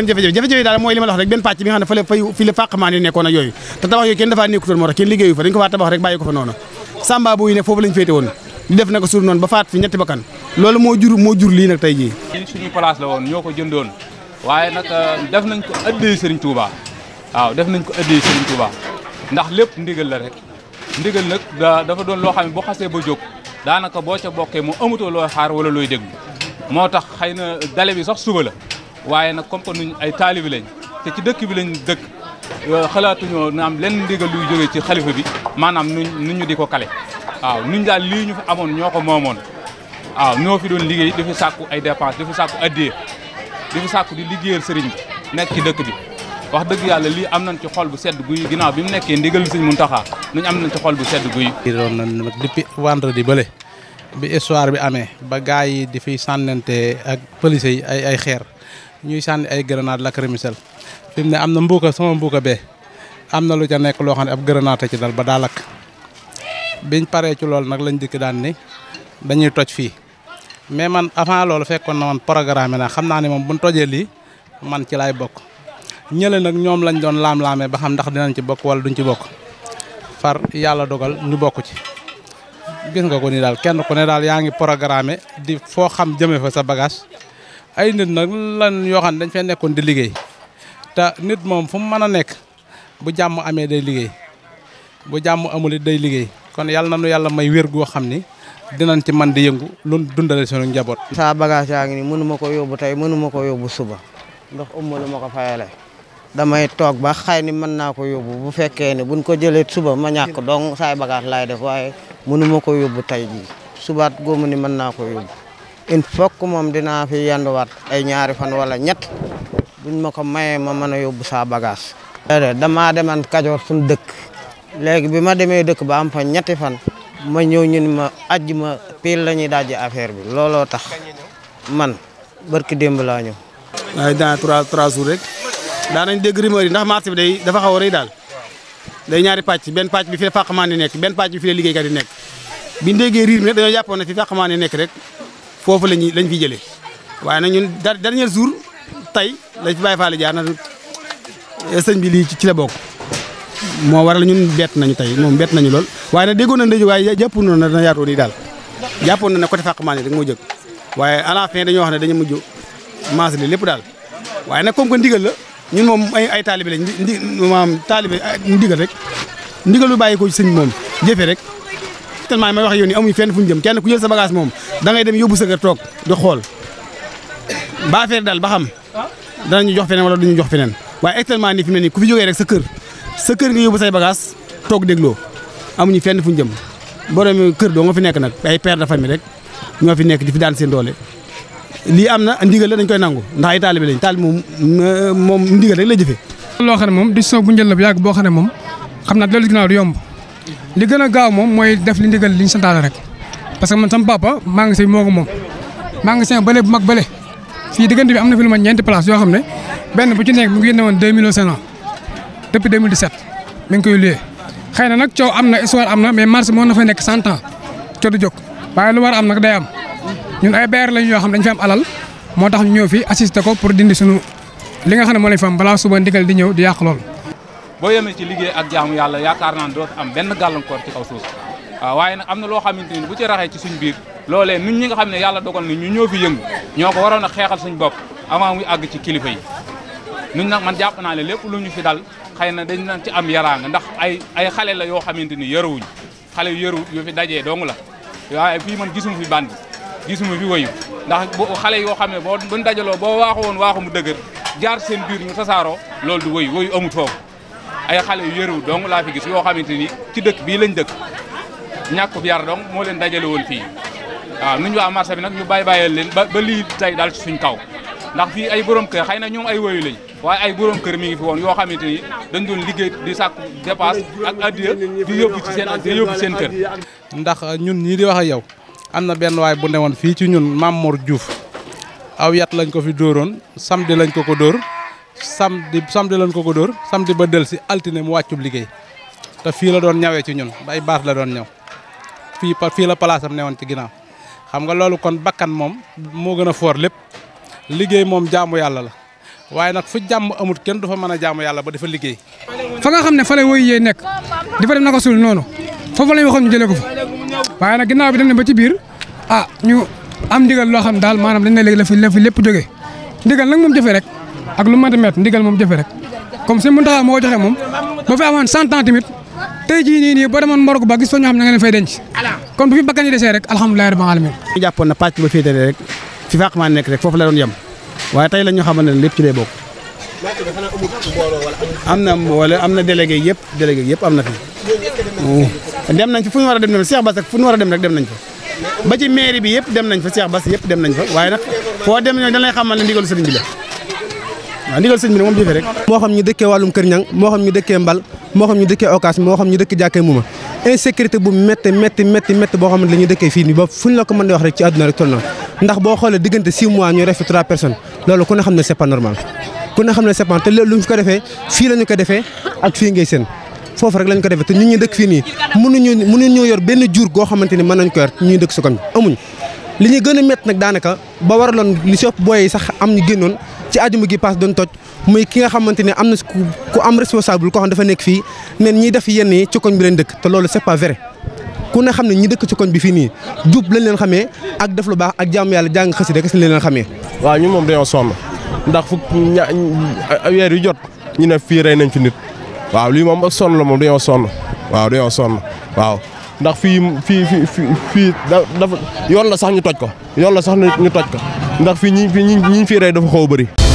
woon jafe-jafe jafe-jafe daal mooy li ma la wax rek benn pàcc bi nga xam ne fa la fay fi la fàqmaan yi nekkoon ak yooyu te tabax yooyu kenn dafaa nekkutoon moo tax kenn liggéeyu fa dañ ko faa tabax rek bàyyi ko fa noonu samba bu yi foofu lañ féete woon di def naka suuf noonu ba faat fi ñetti bakkan loolu moo jur lii nag tey jii suñu place la woon ñoo ko jëndoon waaye nag euh, def nañ ko ëddee Serigne Touba waaw def nañ ko ëddee Serigne Touba ndax lépp ndigal la rek ndigal nag dafa doon loo xam ne bu xasee ba jóg daanaka boo ca bokkee mu amatoo looy xaar wala looy déglu moo tax xëy na dale bi sax suba la waaye nag comme que nuñ ay taalibi lañ te ci dëkk bi lañ dëkk euh, xalaatuñoo na am lenn ndigal luy jógee ci xalifa bi maanaam nuñ nu ñu di ko kale waaw nuñ daal lii ñu fi amoon ñoo ko moomoon waaw ñoo fi doon liggéey di fi sàkku ay dépense di fi sàkku addiya di fi sàkku di liggéeyal sëriñ bi nekk ci dëkk bi wax dëgg yàlla lii am nañ ci xol bu sedd guy ginaaw bi mu nekkee ndigal sëñ Muntaxa nuñ am nañ ci xol bu sedd guy doon na depuis vendredi bële bi histoire bi amee ba gars yi di fiy sànnante ak police ay ay xeer ñuy sànni ay grenade lacrymogène fi mu ne am na mbuuka sama mbuuka bee am na lu ca nekk loo xam ne ab grenade ci dal ba daa lakk biñ paree ci loolu nag lañ dikk daan ni dañuy toj fii mais man avant loolu fekkoon na man programme na xam naa ne moom buñ tojee lii man ci laay bokk ñële nag ñoom lañ doon laam-laamee ba xam ndax dinañ ci bokk wala duñ ci bokk far yàlla dogal ñu bokk ci gis nga ko nii daal kenn ku ne daal yaa ngi programme di foo xam jëme fa sa bagage ay nit nag lan yoo xam ne dañ fee nekkoon di liggéey te nit moom fu mu mën a nekk bu jàmm amee day liggéey bu jàmm amul day liggéey kon yàlla na nu yàlla may wér goo xam ni dinañ ci man di yëngu lu dundale sunu njaboot. saa bagage yaa ngi nii mënu ko yóbbu tey mënu ko yóbbu suba ndax ëmmalu ma ko fayale damay toog ba xay ni mën naa ko yóbbu bu fekkee ne buñ ko jëlee suba ma ñàkk donc saay bagage laay def waaye mënu ma ko yóbbu tey subaat góomu ni mën naa ko yóbbu. in fokk moom dinaa fi yenduwaat ay ñaari fan wala ñett buñ ma ko mayee ma man a yóbbu saa bagage damaa demaan Kajoor suñu dëkk léegi bi ma demee dëkk ba am fa ñetti fan ma ñëw ñun ma ajj ma pile la ñuy dajji bi looloo tax man barki démb laa ñëw waaye dans trois trois jours rek daanañ dégg rumeur yi ndax marché bi day dafa xaw a daal day ñaari pàcc benn pàcc bi fi la fàqamaan di nekk bi fi la liggéeykat yi nekk biñ déggee riir mi rek dañoo jàppoon fi fàqamaan di nekk rek foofu lañu lañ fi jëlee waaye nag ñun dar dernier jour tey la fi bàyyi faale jaar na sëñ bi lii ci la bokk moo waral ñun bett nañu tey moom bett nañu lool waaye nag déggoon na ndëj waaye jàppoon na dana yaatoo nii daal jàppoon na ne côté fàqmaan yi rek moo jëkk waaye à la fin wax ne dañu mujj maas li lépp daal waaye nag comme que ndigal la ñun moom ay ay taalibe lañ di maam taalibe ndigal rek ndigal lu bàyyi ko ci sëñ moom jëfe rek actuellement may wax yow nii amuñu fenn fu ñu jëm kenn ku jël sa bagage moom da ngay dem yóbbu sa toog di xool ba affaire daal ba xam ñu jox feneen du ñu jox feneen waaye actuellement nii fi mu ne nii ku fi jógee rek sa kër sa kër nga yóbbu say bagage toog dégloo amuñu fenn fu ñu jëm borom kër doo nga fi nekk nag ay père de famille rek ñoo fi nekk di fi daan seen doole. lii am na ndigal la dañ koy nangu ndax ay taalibe lañ taal moom moom ndigal rek la jëfee. loo xam ne moom di soow bu njël la bu boo xam ne moom xam naa loolu ginnaaw du yomb li gën a gaaw moom mooy def li ndigal li ñu santaane rek parce que man sama papa magasin bi moo ko moom magasin bële bu mag bële fii diggante bi am na fi lu ma ñeenti place yoo xam ne benn bu ci nekk mu ngi yéene woon deux millions cinq cent depuis 2017 mi ngi koy luyee xëy na nag coow am na histoire am na mais marché moom na fa nekk cent ans coow du jóg waaye lu war am nag day am ñun ay beer lañ yoo xam dañ fi am alal moo tax ñu ñëw fi assister ko pour dindi sunu li nga xam ne moo lañ fa am balaa suba di yàq loolu boo yemee ci liggéey ak jaamu yàlla yaakaar naa doo am benn gàllankoor ci kaw suuf waaw waaye na am na loo xamante ni bu ci raxee ci suñ biir loole nun ñi nga xam ne yàlla dogal na ñu ñoo fi yëngu ñoo ko waroon a xeexal suñ bopp avant muy àgg ci kilifa yi nun nag man jàpp naa ne lépp lu ñu fi dal xëy na dañ nañ ci am yaraanga ndax ay ay xale la yoo xamante ni yarawuñ xale yu yaru yu fi dajee dong la waaye fii man gisuma fi bandi gisuma fi wayu ndax bu xale yoo xam ne boo buñ dajaloo boo waaxu woon mu dëgër jaar seen biir ñu tasaaroo loolu du wayu wayu amut foofu ay xale yu yëru dong laa fi gis yoo xamante ni ci dëkk bii lañ dëkk ñàkkub yar dong moo leen dajale woon fii waaw nuñ waa marché bi nag ñu bàyyi bàyyal leen ba ba lii tey daal ci suñ kaw ndax fii ay borom kër xëy na ñoom ay woyu lañ waaye ay borom kër mi ngi fi woon yoo xamante ni dañ doon liggéey di sàkku dépasse ak addiya di yóbbu ci seen di yóbbu seen kër. ndax ñun ñii di wax ak yow am na benn waay bu woon fii ci ñun Mamor juuf aw yat lañ ko fi dóoroon samedi lañ ko ko dóor. sam samedi lañ ko ko dóor samedi ba del si altine mu wàccub liggéey te fii la doon ñawee ci ñun bay baat la doon ñaw fii fii la place am newoon ci ginnaaw xam nga loolu kon bakkan moom moo gën a foor lépp liggéey moom jaamu yàlla la waaye nag fu jàmm amut kenn du fa mën a jaamu yàlla ba dafa liggéey. fa nga xam ne fa lay woy nekk di fa def naka suul noonu foofu la ñu waxoon ñu jëlee ko fa waaye nag ginnaaw bi dem ne ba ci biir a ah, ñu am ndigal loo xam daal maanaam dañ ne léegi la fi lépp jógee ndigal nag moom jëfee rek. ak lu mën a métti ndigal moom jëfe rek comme Sëñ Muntaxa moo joxe moom ba fi amoon cent ans tamit tey jii nii nii boo demoon Maroc ba gis fa ñoo xam ne nga leen fay denc kon bu fi bakkan yi desee rek alhamdulilah rabbil alamin ñu jàppoon rek fi faqmaa nekk rek foofu la doon yem waaye tey lépp ci lay bokk am na wala am na délégué yëpp délégué yëpp am na fi dem nañ fi fu ñu war a dem dem Cheikh Bass ak war a dem rek dem nañ fa ba ci mairie bi yëpp dem nañ fa Cheikh Bass yëpp dem nañ fa waaye na foo dem ñoo dañ lay xamal ne ndigalu sëriñ bi la waaw ndigal sëñ bi ne moom jëfee rek moo xam ñu dëkkee wàllum kër ñang moo xam ñu dëkkee mbal moo xam ñu dëkkee okaas moo xam ñu dëkkee jàkkee muuma insécurité bu métti métti métti métti boo xamante la dëkkee fii nii ba fu ñu la ko mën a wax rek ci àdduna rek toll na ndax boo xoolee diggante 6 mois ñu refi 3 personnes loolu ku ne xam ne c'est pas ku ne xam ne c'est te loolu lu ñu ko defee fii la ñu ko defee ak fii ngay seen foofu rek lañ ko defee te ñun ñu dëkk fii nii mënuñu mënuñu yor benn jur goo xamante ni mën nañ ko yor ñuy dëkk su ko li ñu gën a métti nag daanaka ba war waraloon li si ëpp booy sax am ñu génnoon ci àjjuma gi paas doon toj muy ki nga xamante ne am na ku am responsable koo xam dafa nekk fii nen ñiy def yenn yi ci koñ bi leen dëkk te loolu c'est pas vrai ku ne xam ne ñi dëkk ci koñ bi fii nii jub lañ leen xamee ak def lu baax ak jaamu yàlla jàng xasi rek si lañ leen xamee. waaw ñu moom dañoo sonn ndax fukk ña weer yu jot ñu ne fii rey nañ fi nit waaw lii moom ak sonn la moom dañoo sonn waaw dañoo sonn waaw. ndax fii fii fii fii dafa yoon la sax ñu toj ko yoon la sax ñu toj ko ndax fii ñii ñi ñi ñu fi rey dafa xaw a bëri.